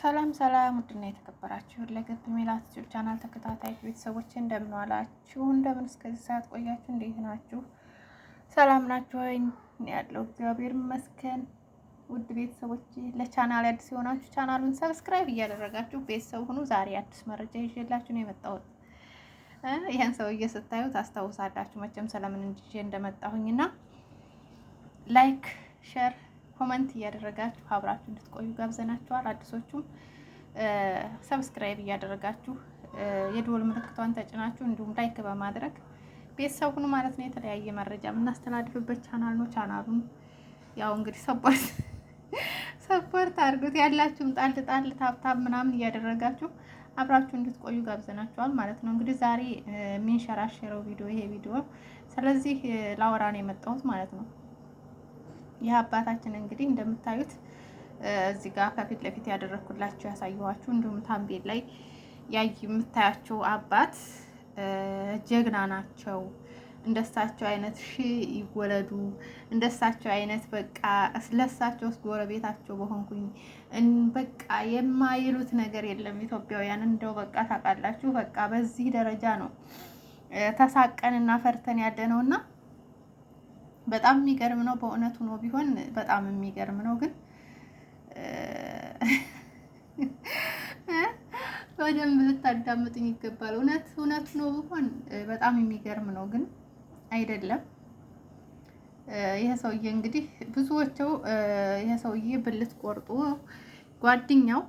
ሰላም ሰላም፣ ውድና የተከበራችሁ ለገብ ሜላት ዩቲዩብ ቻናል ተከታታይ ቤተሰቦች እንደምን ዋላችሁ? እንደምን እስከዚህ ሰዓት ቆያችሁ? እንዴት ናችሁ? ሰላም ናችሁ ወይ? ያለው እግዚአብሔር ይመስገን። ውድ ቤተሰቦች ለቻናል አዲስ የሆናችሁ ቻናሉን ሰብስክራይብ እያደረጋችሁ ቤተሰብ ሁኑ። ዛሬ አዲስ መረጃ ይዤላችሁ ነው የመጣሁት። ይህን ሰውዬ ስታዩት አስታውሳላችሁ መቼም ስለምን እንዲዤ እንደመጣሁኝና ላይክ ሸር ኮመንት እያደረጋችሁ አብራችሁ እንድትቆዩ ጋብዘናችኋል። አዲሶቹም ሰብስክራይብ እያደረጋችሁ የድወል ምልክቷን ተጭናችሁ እንዲሁም ላይክ በማድረግ ቤተሰቡን ማለት ነው የተለያየ መረጃ የምናስተላልፍበት ቻናል ነው። ቻናሉን ያው እንግዲህ ሰፖርት ሰፖርት አድርጉት ያላችሁም ጣል ጣል ታብታብ ምናምን እያደረጋችሁ አብራችሁ እንድትቆዩ ጋብዘናችኋል ማለት ነው። እንግዲህ ዛሬ የሚንሸራሸረው ቪዲዮ ይሄ ቪዲዮ ስለዚህ ላወራ ነው የመጣሁት ማለት ነው። ይህ አባታችን እንግዲህ እንደምታዩት እዚህ ጋር ከፊት ለፊት ያደረግኩላችሁ ያሳየኋችሁ፣ እንዲሁም ታምቤል ላይ የምታያቸው አባት ጀግና ናቸው። እንደሳቸው አይነት ሺ ይወለዱ። እንደሳቸው አይነት በቃ ስለሳቸው ውስጥ ጎረቤታቸው በሆንኩኝ በቃ የማይሉት ነገር የለም። ኢትዮጵያውያን እንደው በቃ ታውቃላችሁ፣ በቃ በዚህ ደረጃ ነው ተሳቀንና ፈርተን ያለ ነውና በጣም የሚገርም ነው። በእውነቱ ነው ቢሆን በጣም የሚገርም ነው። ግን በደንብ ልታዳምጥኝ ይገባል። እውነት እውነት ነው ቢሆን በጣም የሚገርም ነው። ግን አይደለም። ይሄ ሰውዬ እንግዲህ ብዙዎቸው ይሄ ሰውዬ ብልት ቆርጦ ጓደኛው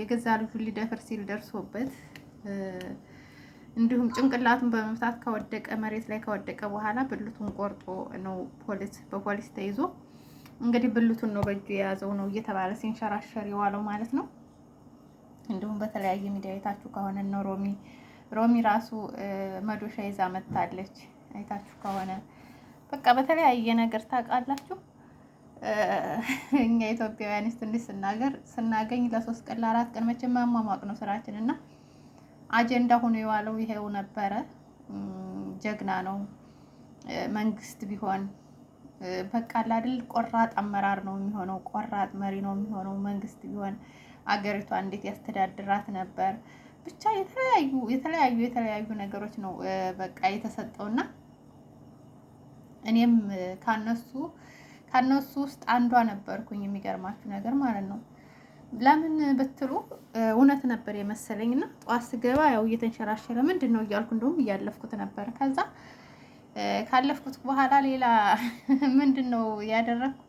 የገዛ ልጁን ሊደፍር ሲል ደርሶበት እንዲሁም ጭንቅላቱን በመምታት ከወደቀ መሬት ላይ ከወደቀ በኋላ ብልቱን ቆርጦ ነው ፖሊስ በፖሊስ ተይዞ እንግዲህ ብልቱን ነው በእጁ የያዘው ነው እየተባለ ሲንሸራሸር የዋለው ማለት ነው። እንዲሁም በተለያየ ሚዲያ አይታችሁ ከሆነ ነው ሮሚ ሮሚ ራሱ መዶሻ ይዛ መታለች። አይታችሁ ከሆነ በቃ በተለያየ ነገር ታውቃላችሁ። እኛ ኢትዮጵያውያን ትንሽ ስናገር ስናገኝ ለሶስት ቀን ለአራት ቀን መቼም ማሟሟቅ ነው ስራችን እና አጀንዳ ሆኖ የዋለው ይሄው ነበረ። ጀግና ነው። መንግስት ቢሆን በቃ አይደል ቆራጥ አመራር ነው የሚሆነው፣ ቆራጥ መሪ ነው የሚሆነው። መንግስት ቢሆን አገሪቷ እንዴት ያስተዳድራት ነበር። ብቻ የተለያዩ የተለያዩ የተለያዩ ነገሮች ነው በቃ የተሰጠውና እኔም ካነሱ ካነሱ ውስጥ አንዷ ነበርኩኝ። የሚገርማችሁ ነገር ማለት ነው ለምን ብትሉ እውነት ነበር የመሰለኝ እና ጠዋት ስገባ ያው እየተንሸራሸረ ምንድን ነው እያልኩ እንደውም እያለፍኩት ነበር። ከዛ ካለፍኩት በኋላ ሌላ ምንድን ነው ያደረግኩት?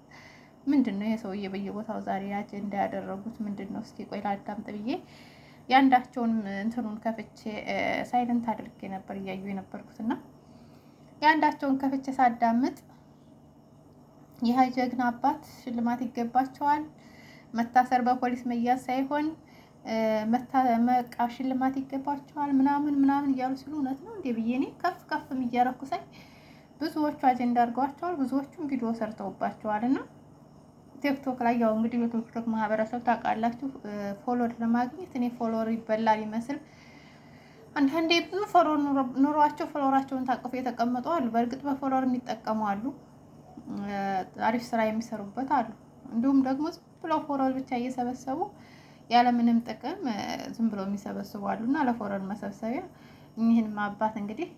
ምንድን ነው የሰውዬ በየቦታው ዛሬ አጀንዳ ያደረጉት ምንድን ነው? እስኪ ቆይ ላዳምጥ ብዬ የአንዳቸውን እንትኑን ከፍቼ ሳይለንት አድርጌ ነበር እያዩ የነበርኩትና የአንዳቸውን ከፍቼ ሳዳምጥ ይህ ጀግና አባት ሽልማት ይገባቸዋል መታሰር በፖሊስ መያዝ ሳይሆን መቃ ሽልማት ይገባቸዋል ምናምን ምናምን እያሉ ሲሉ እውነት ነው እንዴ ብዬ እኔ ከፍ ከፍም እያረኩ ሳይ ብዙዎቹ አጀንዳ አድርገዋቸዋል፣ ብዙዎቹም ቪዲዮ ሰርተውባቸዋል። እና ቲክቶክ ላይ ያው እንግዲህ በቲክቶክ ማህበረሰብ ታውቃላችሁ፣ ፎሎወር ለማግኘት እኔ ፎሎወር ይበላል ይመስል አንዳንዴ ብዙ ፎሎወር ኑሯቸው ፎሎወራቸውን ታቅፎ የተቀመጡ አሉ። በእርግጥ በፎሎወር የሚጠቀሙ አሉ፣ አሪፍ ስራ የሚሰሩበት አሉ። እንዲሁም ደግሞ ብሎ ብቻ እየሰበሰቡ ያለምንም ጥቅም ዝም ብሎ የሚሰበስቡ አሉና ለፎረል መሰብሰቢያ እኚህንም አባት እንግዲህ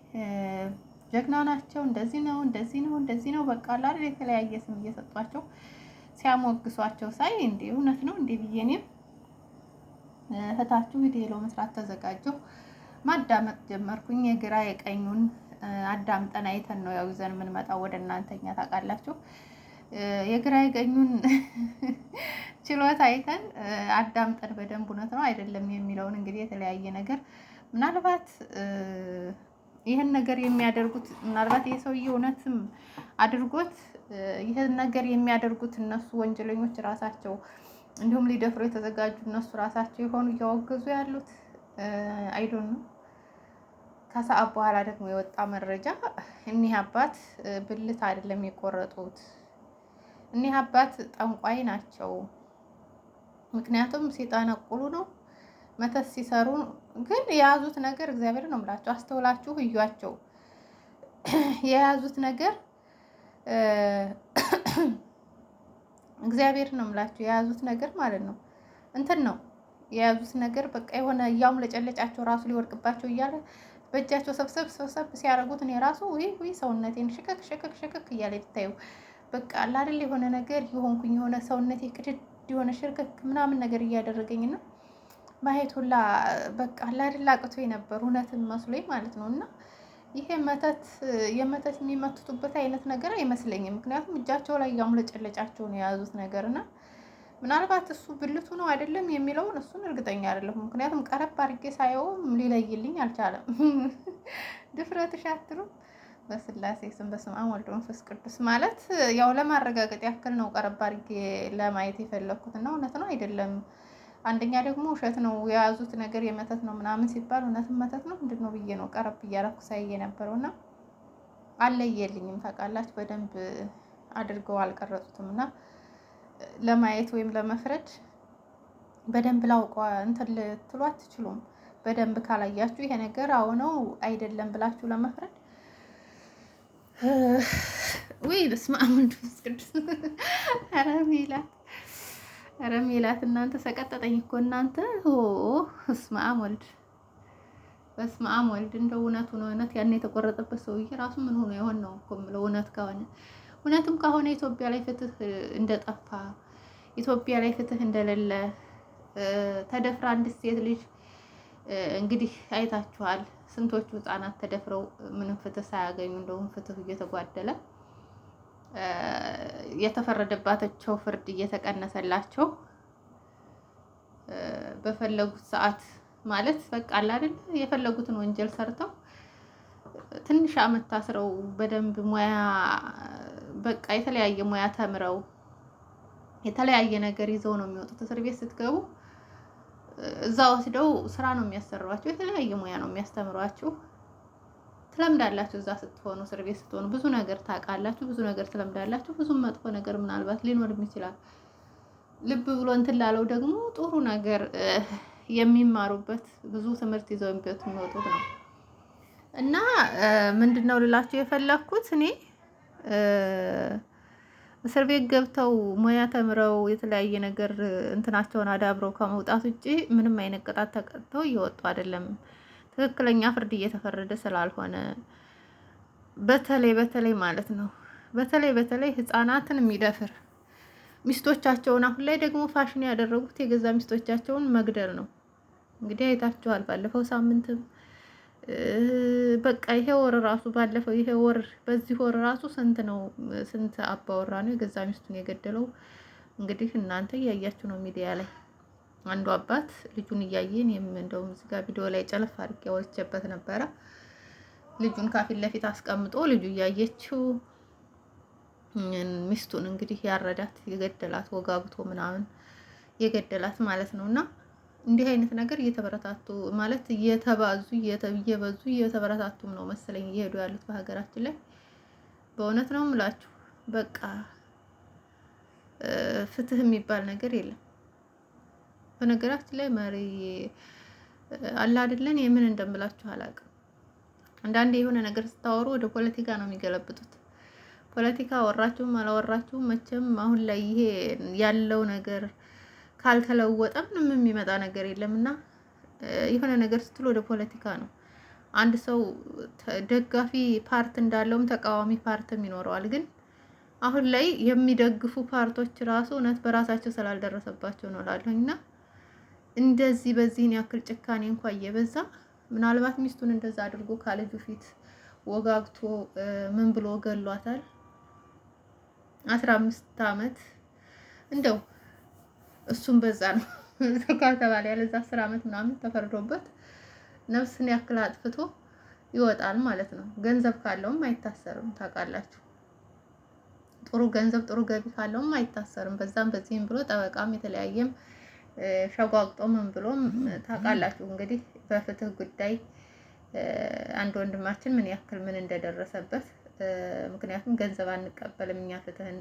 ጀግና ናቸው። እንደዚህ ነው እንደዚህ ነው እንደዚህ ነው በቃ ላል የተለያየ ስም እየሰጧቸው ሲያሞግሷቸው ሳይ እንዴ እውነት ነው እንዴ ብዬ እኔም እህታችሁ ቪዲዮ መስራት ተዘጋጀው ማዳመጥ ጀመርኩኝ። የግራ የቀኙን አዳምጠን አይተን ነው ያው ይዘን የምንመጣው ወደ እናንተኛ ታውቃላችሁ። የግራ የቀኙን ችሎታ አይተን አዳምጠን በደንብ እውነት ነው አይደለም የሚለውን እንግዲህ የተለያየ ነገር ምናልባት ይህን ነገር የሚያደርጉት ምናልባት ይህ ሰውዬ እውነትም አድርጎት ይህን ነገር የሚያደርጉት እነሱ ወንጀለኞች ራሳቸው እንዲሁም ሊደፍሩ የተዘጋጁ እነሱ ራሳቸው የሆኑ እያወገዙ ያሉት አይዶን ነው። ከሰዓት በኋላ ደግሞ የወጣ መረጃ እኒህ አባት ብልት አይደለም የቆረጡት እኒህ አባት ጠንቋይ ናቸው። ምክንያቱም ሲጠነቁሉ ነው መተት ሲሰሩ ግን የያዙት ነገር እግዚአብሔር ነው ምላቸው። አስተውላችሁ እያቸው የያዙት ነገር እግዚአብሔር ነው ምላቸው የያዙት ነገር ማለት ነው እንትን ነው የያዙት ነገር በቃ የሆነ እያውም ለጨለጫቸው ራሱ ሊወርቅባቸው እያለ በእጃቸው ሰብሰብ ሰብሰብ ሲያደርጉት እኔ ራሱ ውይ ውይ ሰውነቴን ሽክክ ሽክክ ሽክክ እያለ ይታዩ በቃ ላደል የሆነ ነገር የሆንኩኝ የሆነ ሰውነት ክድድ የሆነ ሽርክክ ምናምን ነገር እያደረገኝ ነው ማየት ሁላ በቃ ላደል አቅቶኝ ነበር እውነትን መስሎኝ ማለት ነው እና ይሄ መተት የመተት የሚመትቱበት አይነት ነገር አይመስለኝም። ምክንያቱም እጃቸው ላይ ያሙለጨለጫቸው ነው የያዙት ነገር እና ምናልባት እሱ ብልቱ ነው አይደለም የሚለውን እሱን እርግጠኛ አይደለሁም። ምክንያቱም ቀረብ አድርጌ ሳየውም ሊለይልኝ አልቻለም። ድፍረት አትሉም? በስላሴ ስም በስመ አብ ወልድ መንፈስ ቅዱስ ማለት ያው ለማረጋገጥ ያክል ነው፣ ቀረብ አድርጌ ለማየት የፈለግኩት እና እውነት ነው አይደለም። አንደኛ ደግሞ ውሸት ነው የያዙት ነገር የመተት ነው ምናምን ሲባል እውነትም መተት ነው ምንድን ነው ብዬ ነው ቀረብ እያረኩ ሳይ ነበረው እና አለየልኝም። ታውቃላችሁ በደንብ አድርገው አልቀረጹትም እና ለማየት ወይም ለመፍረድ በደንብ ላውቀ እንትን ልትሉ አትችሉም። በደንብ ካላያችሁ ይሄ ነገር አሁነው ነው አይደለም ብላችሁ ለመፍረድ ወይ በስመ አብ ወወልድ ወመንፈስ ቅዱስ። ኧረ ሜላት ኧረ ሜላት እናንተ ሰቀጠጠኝ እኮ እናንተ። ኦ በስመ አብ ወልድ በስመ አብ ወልድ። እንደው እውነቱ ነው እውነት። ያን የተቆረጠበት ሰውዬ ራሱ ምን ሆኖ ይሆን ነው እኮ የምለው። እውነት ከሆነ እውነትም ከሆነ ኢትዮጵያ ላይ ፍትህ እንደጠፋ ኢትዮጵያ ላይ ፍትህ እንደሌለ ተደፍራ አንድ ሴት ልጅ እንግዲህ አይታችኋል። ስንቶቹ ህጻናት ተደፍረው ምንም ፍትህ ሳያገኙ እንደውም ፍትህ እየተጓደለ የተፈረደባቸው ፍርድ እየተቀነሰላቸው በፈለጉት ሰዓት ማለት በቃ አለ አይደል የፈለጉትን ወንጀል ሰርተው ትንሽ አመት ታስረው በደንብ ሙያ በቃ የተለያየ ሙያ ተምረው የተለያየ ነገር ይዘው ነው የሚወጡት። እስር ቤት ስትገቡ እዛ ወስደው ስራ ነው የሚያሰሯቸው። የተለያየ ሙያ ነው የሚያስተምሯችሁ። ትለምዳላችሁ። እዛ ስትሆኑ፣ እስር ቤት ስትሆኑ ብዙ ነገር ታውቃላችሁ፣ ብዙ ነገር ትለምዳላችሁ። ብዙም መጥፎ ነገር ምናልባት ሊኖርም ይችላል። ልብ ብሎ እንትን ላለው ደግሞ ጥሩ ነገር የሚማሩበት ብዙ ትምህርት ይዘው የሚወጡት ነው እና ምንድን ነው ልላችሁ የፈለግኩት እኔ እስር ቤት ገብተው ሙያ ተምረው የተለያየ ነገር እንትናቸውን አዳብረው ከመውጣት ውጭ ምንም አይነት ቅጣት ተቀጥተው እየወጡ አይደለም። ትክክለኛ ፍርድ እየተፈረደ ስላልሆነ በተለይ በተለይ ማለት ነው በተለይ በተለይ ህፃናትን የሚደፍር ሚስቶቻቸውን አሁን ላይ ደግሞ ፋሽን ያደረጉት የገዛ ሚስቶቻቸውን መግደል ነው። እንግዲህ አይታችኋል ባለፈው ሳምንትም በቃ ይሄ ወር ራሱ ባለፈው ይሄ ወር በዚህ ወር ራሱ ስንት ነው ስንት አባወራ ነው የገዛ ሚስቱን የገደለው። እንግዲህ እናንተ እያያችሁ ነው ሚዲያ ላይ አንዱ አባት ልጁን እያየን የም እንደውም እዚህ ጋር ቪዲዮ ላይ ጨለፍ አድርጌ ወስጄበት ነበረ። ልጁን ከፊት ለፊት አስቀምጦ ልጁ እያየችው ሚስቱን እንግዲህ ያረዳት የገደላት ወጋብቶ ምናምን የገደላት ማለት ነው እና እንዲህ አይነት ነገር እየተበረታቱ ማለት እየተባዙ እየበዙ እየተበረታቱም ነው መሰለኝ እየሄዱ ያሉት በሀገራችን ላይ። በእውነት ነው ምላችሁ በቃ ፍትህ የሚባል ነገር የለም። በነገራችን ላይ መሪ አለ አይደለን የምን እንደምላችሁ አላውቅም። አንዳንዴ የሆነ ነገር ስታወሩ ወደ ፖለቲካ ነው የሚገለብጡት። ፖለቲካ ወራችሁም አላወራችሁም መቼም አሁን ላይ ይሄ ያለው ነገር ካልተለወጠ ምንም የሚመጣ ነገር የለም እና የሆነ ነገር ስትል ወደ ፖለቲካ ነው። አንድ ሰው ደጋፊ ፓርት እንዳለውም ተቃዋሚ ፓርትም ይኖረዋል። ግን አሁን ላይ የሚደግፉ ፓርቶች ራሱ እውነት በራሳቸው ስላልደረሰባቸው ነው እላለሁኝ እና እንደዚህ በዚህን ያክል ጭካኔ እንኳ እየበዛ ምናልባት ሚስቱን እንደዛ አድርጎ ከልጁ ፊት ወጋግቶ ምን ብሎ ገሏታል። አስራ አምስት አመት እንደው እሱም በዛ ነው ያለ ያለዛ አስር ዓመት ምናምን ተፈርዶበት ነፍስን ያክል አጥፍቶ ይወጣል ማለት ነው። ገንዘብ ካለውም አይታሰርም። ታውቃላችሁ፣ ጥሩ ገንዘብ ጥሩ ገቢ ካለውም አይታሰርም። በዛም በዚህም ብሎ ጠበቃም የተለያየም ሸጓግጦ ምን ብሎም ታውቃላችሁ። እንግዲህ በፍትህ ጉዳይ አንድ ወንድማችን ምን ያክል ምን እንደደረሰበት፣ ምክንያቱም ገንዘብ አንቀበልም እኛ ፍትህን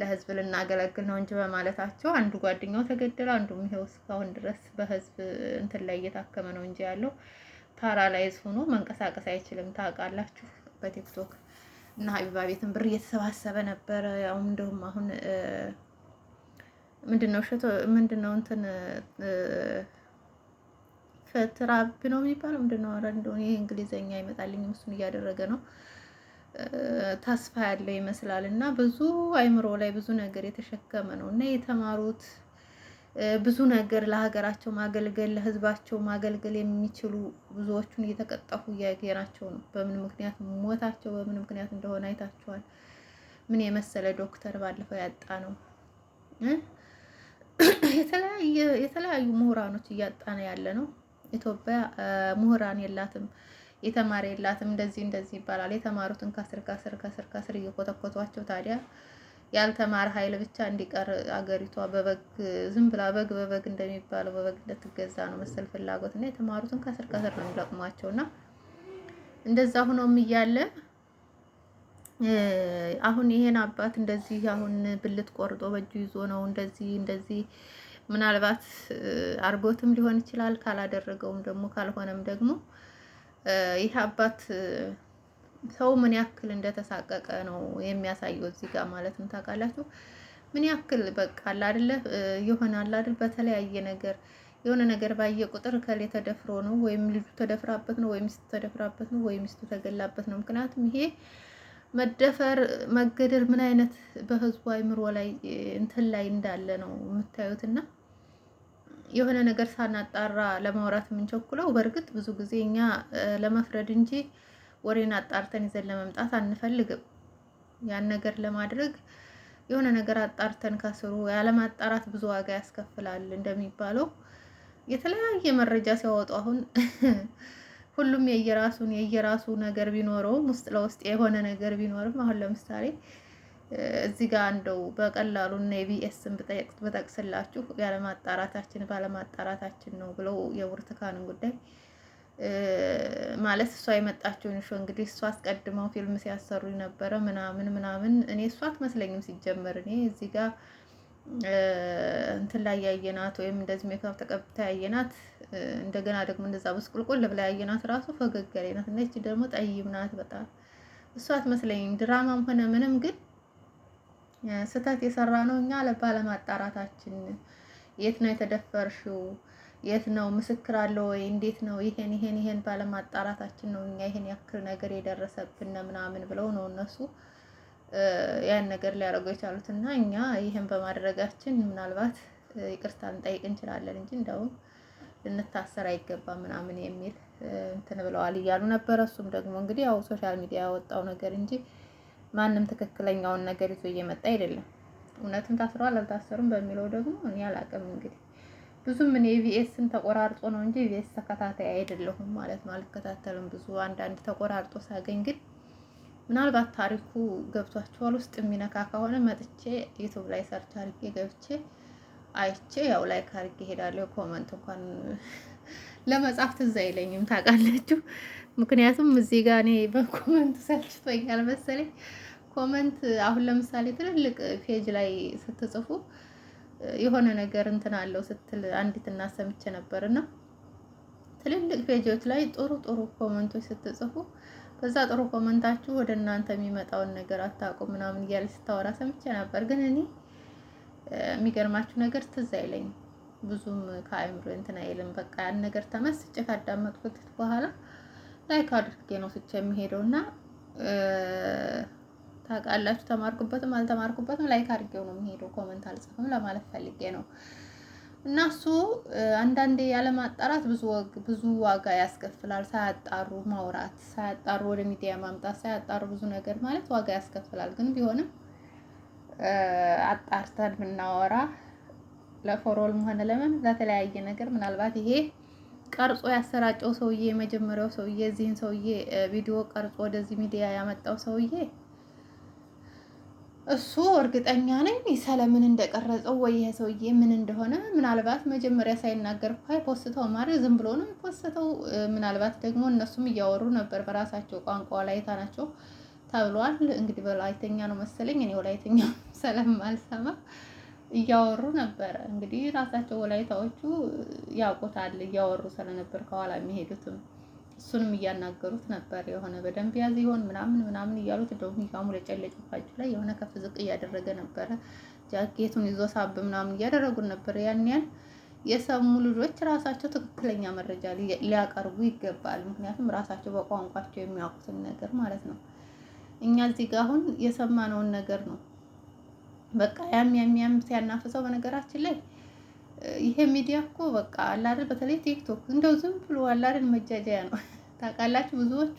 ለህዝብ ልናገለግል ነው እንጂ በማለታቸው አንዱ ጓደኛው ተገደለ፣ አንዱም ይኸው እስካሁን ድረስ በህዝብ እንትን ላይ እየታከመ ነው እንጂ ያለው ፓራላይዝ ሆኖ መንቀሳቀስ አይችልም። ታውቃላችሁ በቲክቶክ እና ሀቢባ ቤትን ብር እየተሰባሰበ ነበረ። ያው እንደውም አሁን ምንድነው ሸቶ ምንድነው እንትን ፈትራብ ነው የሚባለው ምንድነው? ኧረ እንደው እንግሊዘኛ አይመጣልኝም። እሱን እያደረገ ነው ተስፋ ያለው ይመስላል እና ብዙ አይምሮ ላይ ብዙ ነገር የተሸከመ ነው እና የተማሩት ብዙ ነገር ለሀገራቸው ማገልገል ለህዝባቸው ማገልገል የሚችሉ ብዙዎቹን እየተቀጠፉ እያየናቸው ነው። በምን ምክንያት ሞታቸው በምን ምክንያት እንደሆነ አይታችኋል። ምን የመሰለ ዶክተር ባለፈው ያጣ ነው። የተለያዩ ምሁራኖች እያጣ ነው ያለ ነው። ኢትዮጵያ ምሁራን የላትም። የተማረ የላትም እንደዚህ እንደዚህ ይባላል። የተማሩትን ከስር ከስር ከስር ከስር እየኮተኮቷቸው ታዲያ ያልተማረ ኃይል ብቻ እንዲቀር አገሪቷ በበግ ዝም ብላ በግ በበግ እንደሚባለው በበግ እንደትገዛ ነው መሰል ፍላጎት እና የተማሩትን ከስር ከስር ነው የሚለቅሟቸው እና እንደዛ ሁኖም እያለ አሁን ይሄን አባት እንደዚህ አሁን ብልት ቆርጦ በእጁ ይዞ ነው እንደዚህ እንደዚህ ምናልባት አርጎትም ሊሆን ይችላል። ካላደረገውም ደግሞ ካልሆነም ደግሞ ይህ አባት ሰው ምን ያክል እንደተሳቀቀ ነው የሚያሳየው እዚህ ጋር ማለት ነው። ታውቃላችሁ ምን ያክል በቃ አለ አይደለ የሆነ አለ አይደል በተለያየ ነገር የሆነ ነገር ባየ ቁጥር ከሌ ተደፍሮ ነው ወይም ልጁ ተደፍራበት ነው ወይም ሚስቱ ተደፍራበት ነው ወይም ሚስቱ ተገላበት ነው። ምክንያቱም ይሄ መደፈር መገደል ምን አይነት በህዝቡ አይምሮ ላይ እንትን ላይ እንዳለ ነው የምታዩትና የሆነ ነገር ሳናጣራ ለማውራት የምንቸኩለው በእርግጥ ብዙ ጊዜ እኛ ለመፍረድ እንጂ ወሬን አጣርተን ይዘን ለመምጣት አንፈልግም። ያን ነገር ለማድረግ የሆነ ነገር አጣርተን ከስሩ ያለማጣራት ብዙ ዋጋ ያስከፍላል እንደሚባለው የተለያየ መረጃ ሲያወጡ አሁን ሁሉም የየራሱን የየራሱ ነገር ቢኖረውም ውስጥ ለውስጥ የሆነ ነገር ቢኖርም አሁን ለምሳሌ እዚህ ጋር እንደው በቀላሉ እና የቢኤስን ብጠቅስላችሁ ያለማጣራታችን ባለማጣራታችን ነው ብለው የብርቱካንን ጉዳይ ማለት እሷ የመጣችውን ሾ እንግዲህ እሷ አስቀድመው ፊልም ሲያሰሩ ነበረ ምናምን ምናምን። እኔ እሷ አትመስለኝም ሲጀመር። እኔ እዚህ ጋር እንትን ላይ ያየናት ወይም እንደዚህ ሜካፕ ተቀብታ ያየናት እንደገና ደግሞ እንደዛ ብስቁልቁል ብላ ያየናት ራሱ ፈገግ ያለናት እና ይቺ ደግሞ ጠይም ናት በጣም እሷ አትመስለኝም ድራማም ሆነ ምንም ግን ስህተት የሰራ ነው እኛ ባለማጣራታችን። የት ነው የተደፈርሽው? የት ነው ምስክር አለው ወይ? እንዴት ነው ይሄን ይሄን ይሄን ባለማጣራታችን ነው እኛ ይሄን ያክል ነገር የደረሰብን ምናምን ብለው ነው እነሱ ያን ነገር ሊያደርጉ የቻሉት እና እኛ ይሄን በማድረጋችን ምናልባት ይቅርታ ልንጠይቅ እንችላለን እንጂ እንደውም ልንታሰር አይገባም ምናምን የሚል እንትን ብለዋል እያሉ ነበረ። እሱም ደግሞ እንግዲህ ያው ሶሻል ሚዲያ ያወጣው ነገር እንጂ ማንም ትክክለኛውን ነገር ይዞ እየመጣ አይደለም። እውነትም ታስረዋል አልታሰሩም በሚለው ደግሞ እኔ አላቅም። እንግዲህ ብዙም እኔ ኢቢኤስን ተቆራርጦ ነው እንጂ ኢቢኤስ ተከታታይ አይደለሁም ማለት ነው። አልከታተልም ብዙ አንዳንድ ተቆራርጦ ሳገኝ ግን ምናልባት ታሪኩ ገብቷቸዋል ውስጥ የሚነካ ከሆነ መጥቼ ዩቱብ ላይ ሰርች አድርጌ ገብቼ አይቼ ያው ላይክ አድርጌ እሄዳለሁ። ኮመንት እንኳን ለመጻፍ ትዝ አይለኝም ታውቃላችሁ። ምክንያቱም እዚህ ጋር እኔ በኮመንት ሰልችቶኛል መሰለኝ። ኮመንት አሁን ለምሳሌ ትልልቅ ፔጅ ላይ ስትጽፉ የሆነ ነገር እንትን አለው ስትል አንዲት እናሰምቼ ነበር እና ትልልቅ ፔጆች ላይ ጥሩ ጥሩ ኮመንቶች ስትጽፉ በዛ ጥሩ ኮመንታችሁ ወደ እናንተ የሚመጣውን ነገር አታውቁም ምናምን እያለ ስታወራ ሰምቼ ነበር። ግን እኔ የሚገርማችሁ ነገር ትዝ አይለኝም ብዙም ከአይምሮ እንትን አይልም። በቃ ያን ነገር ተመስጬ ካዳመጥኩት በኋላ ላይክ አድርጌ ነው ስቼ የሚሄደው እና ታውቃላችሁ፣ ተማርኩበትም አልተማርኩበትም ላይክ አድርጌው ነው የሚሄደው። ኮመንት አልጽፍም ለማለት ፈልጌ ነው። እና እሱ አንዳንዴ ያለማጣራት ብዙ ዋጋ ያስከፍላል። ሳያጣሩ ማውራት፣ ሳያጣሩ ወደ ሚዲያ ማምጣት፣ ሳያጣሩ ብዙ ነገር ማለት ዋጋ ያስከፍላል። ግን ቢሆንም አጣርተን ብናወራ ለፎሮልም ሆነ ለምን ለተለያየ ነገር ምናልባት ይሄ ቀርጾ ያሰራጨው ሰውዬ የመጀመሪያው ሰውዬ እዚህን ሰውዬ ቪዲዮ ቀርጾ ወደዚህ ሚዲያ ያመጣው ሰውዬ እሱ እርግጠኛ ነኝ ሰለምን እንደቀረጸው ወይ ይሄ ሰውዬ ምን እንደሆነ ምናልባት መጀመሪያ ሳይናገር ኳይ ፖስተው ማድረግ ዝም ብሎ ነው ፖስተው። ምናልባት ደግሞ እነሱም እያወሩ ነበር በራሳቸው ቋንቋ ወላይታ ናቸው ተብሏል። እንግዲህ በላይተኛ ነው መሰለኝ እኔ ወላይተኛ ሰለም አልሰማ እያወሩ ነበረ። እንግዲህ ራሳቸው ወላይታዎቹ ያውቁታል እያወሩ ስለነበር ከኋላ የሚሄዱትም እሱንም እያናገሩት ነበር። የሆነ በደንብ ያዝ ይሆን ምናምን ምናምን እያሉት እንደውም ሂካሙ ለጨለጭባቸው ላይ የሆነ ከፍ ዝቅ እያደረገ ነበረ። ጃኬቱን ይዞ ሳብ ምናምን እያደረጉን ነበር። ያን ያን የሰሙ ልጆች ራሳቸው ትክክለኛ መረጃ ሊያቀርቡ ይገባል። ምክንያቱም ራሳቸው በቋንቋቸው የሚያውቁትን ነገር ማለት ነው። እኛ እዚህ ጋር አሁን የሰማነውን ነገር ነው በቃ ያም ያም ያም ሲያናፍሰው። በነገራችን ላይ ይሄ ሚዲያ እኮ በቃ አላርን በተለይ ቲክቶክ እንደው ዝም ብሎ አላርን መጃጃያ ነው ታውቃላችሁ። ብዙዎቹ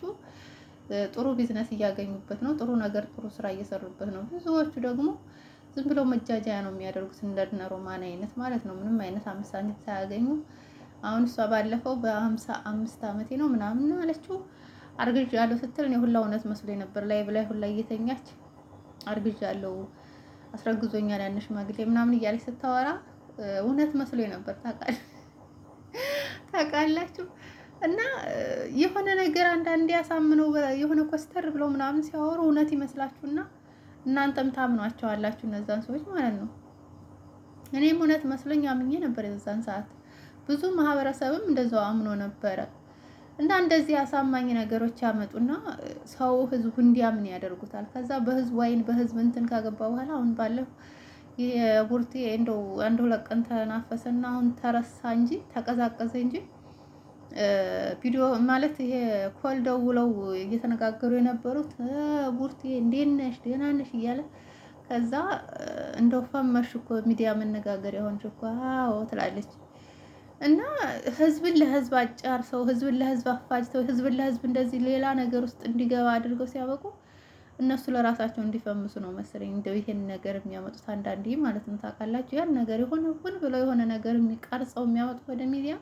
ጥሩ ቢዝነስ እያገኙበት ነው፣ ጥሩ ነገር ጥሩ ስራ እየሰሩበት ነው። ብዙዎቹ ደግሞ ዝም ብሎ መጃጃያ ነው የሚያደርጉት፣ እንደነ ሮማን አይነት ማለት ነው። ምንም አይነት አምስት ሳንቲም ሳያገኙ አሁን እሷ ባለፈው በሀምሳ አምስት አመቴ ነው ምናምን አለችው አርግዣለሁ ስትል እኔ ሁላ እውነት መስሎ ነበር። ላይ ብላይ ሁላ እየተኛች አርግዣለሁ አስረግዞኛል ያን ሽማግሌ ምናምን እያለች ስታወራ እውነት መስሎ ነበር። ታውቃላችሁ እና የሆነ ነገር አንዳንዴ ያሳምነው የሆነ ኮስተር ብለው ምናምን ሲያወሩ እውነት ይመስላችሁና እናንተም ታምኗቸዋላችሁ እነዛን ሰዎች ማለት ነው። እኔም እውነት መስሎኝ አምኜ ነበር የዛን ሰዓት። ብዙ ማህበረሰብም እንደዛው አምኖ ነበረ። እና እንደዚህ አሳማኝ ነገሮች ያመጡና ሰው ህዝቡ እንዲያምን ያደርጉታል። ከዛ በህዝብ ወይን በህዝብ እንትን ካገባ በኋላ አሁን ባለው የቡርቲ እንደው አንድ ሁለት ቀን ተናፈሰና አሁን ተረሳ እንጂ ተቀዛቀዘ እንጂ ቪዲዮ ማለት ይሄ ኮል ደውለው እየተነጋገሩ የነበሩት ቡርቴ እንዴት ነሽ ደህና ነሽ እያለ ከዛ እንደው ፈመሽ እኮ ሚዲያ መነጋገር የሆንሽ እኮ አዎ ትላለች። እና ህዝብን ለህዝብ አጫርሰው ህዝብን ለህዝብ አፋጅተው ህዝብን ለህዝብ እንደዚህ ሌላ ነገር ውስጥ እንዲገባ አድርገው ሲያበቁ እነሱ ለራሳቸው እንዲፈምሱ ነው መሰለኝ እንደው ይሄን ነገር የሚያመጡት አንዳንዴ ማለት ነው። ታውቃላችሁ ያን ነገር የሆነ ሁን ብለው የሆነ ነገር የሚቀርጸው የሚያመጡት ወደ ሚዲያ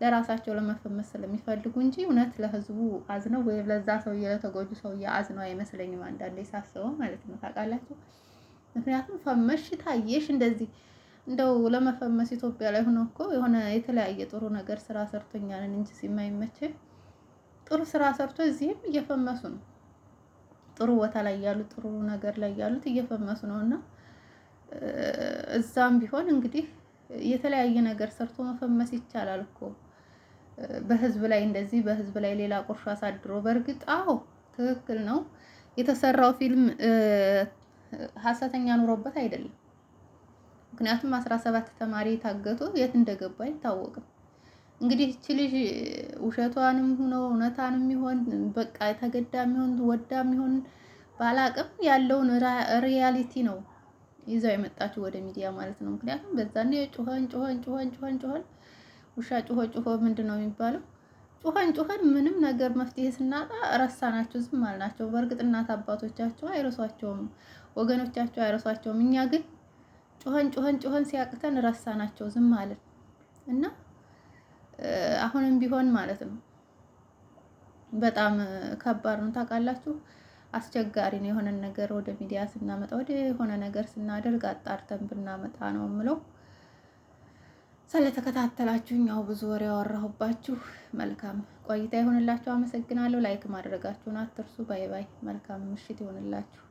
ለራሳቸው ለመፈመስ ስለሚፈልጉ እንጂ እውነት ለህዝቡ አዝነው ወይም ለዛ ሰውዬ ለተጎጁ ሰውዬ አዝነው አይመስለኝም አንዳንዴ ሳስበው ማለት ነው። ታውቃላችሁ ምክንያቱም ፈመሽ ታየሽ እንደዚህ እንደው ለመፈመስ ኢትዮጵያ ላይ ሆኖ እኮ የሆነ የተለያየ ጥሩ ነገር ስራ ሰርቶኛልን እንጂ ሲማይመቸኝ ጥሩ ስራ ሰርቶ እዚህም እየፈመሱ ነው። ጥሩ ቦታ ላይ ያሉት ጥሩ ነገር ላይ ያሉት እየፈመሱ ነው እና እዛም ቢሆን እንግዲህ የተለያየ ነገር ሰርቶ መፈመስ ይቻላል እኮ በህዝብ ላይ እንደዚህ በህዝብ ላይ ሌላ ቁርሾ አሳድሮ። በእርግጥ አዎ ትክክል ነው የተሰራው ፊልም ሀሰተኛ ኑሮበት አይደለም ምክንያቱም አስራ ሰባት ተማሪ ታገቶ የት እንደገባ አይታወቅም። እንግዲህ እቺ ልጅ ውሸቷንም ሆኖ እውነታንም ይሆን በቃ ተገዳ ይሆን ወዳ ይሆን ባላቅም ያለውን ሪያሊቲ ነው ይዛው የመጣችው ወደ ሚዲያ ማለት ነው። ምክንያቱም በዛኔ ጩኸን ጩኸን ጩኸን ጩኸን ጩኸን ውሻ ጩኸ ጩኸ ምንድን ነው የሚባለው? ጩኸን ጩኸን ምንም ነገር መፍትሄ ስናጣ ረሳናቸው፣ ዝም አልናቸው። በእርግጥ እናት አባቶቻቸው አይረሷቸውም፣ ወገኖቻቸው አይረሷቸውም። እኛ ግን ጮኸን ጮኸን ጮኸን ሲያቅተን ረሳናቸው ዝም አለን እና አሁንም ቢሆን ማለት ነው በጣም ከባድ ነው። ታውቃላችሁ አስቸጋሪ ነው። የሆነን ነገር ወደ ሚዲያ ስናመጣ ወደ የሆነ ነገር ስናደርግ አጣርተን ብናመጣ ነው የምለው። ስለተከታተላችሁ ያው ብዙ ወሬ ያወራሁባችሁ መልካም ቆይታ ይሆንላችሁ። አመሰግናለሁ። ላይክ ማድረጋችሁን አትርሱ። ባይ ባይ። መልካም ምሽት ይሆንላችሁ።